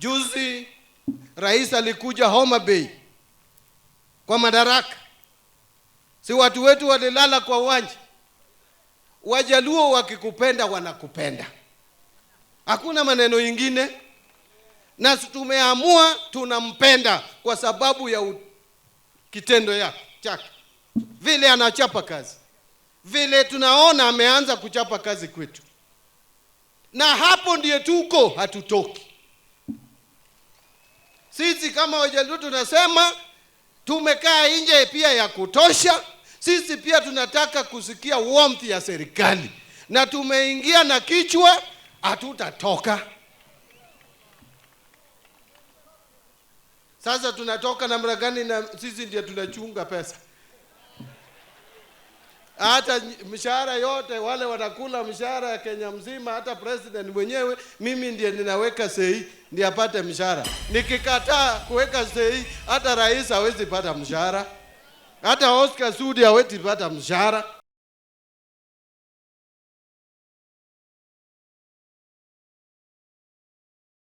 Juzi rais alikuja Homa Bay kwa madaraka, si watu wetu walilala kwa uwanja. Wajaluo wakikupenda wanakupenda, hakuna maneno ingine, na tumeamua tunampenda kwa sababu ya u... kitendo yake chake, vile anachapa kazi, vile tunaona ameanza kuchapa kazi kwetu, na hapo ndiye tuko, hatutoki sisi kama Wajaluo tunasema tumekaa nje pia ya kutosha. Sisi pia tunataka kusikia warmth ya serikali, na tumeingia na kichwa, hatutatoka. Sasa tunatoka namna gani? Na sisi ndio tunachunga pesa, hata mshahara yote wale wanakula mshahara ya Kenya mzima, hata president mwenyewe, mimi ndiye ninaweka sei ndiye apate mshahara. Nikikataa kuweka sei, hata rais hawezi pata mshahara, hata Oscar Sudi hawezi pata mshahara.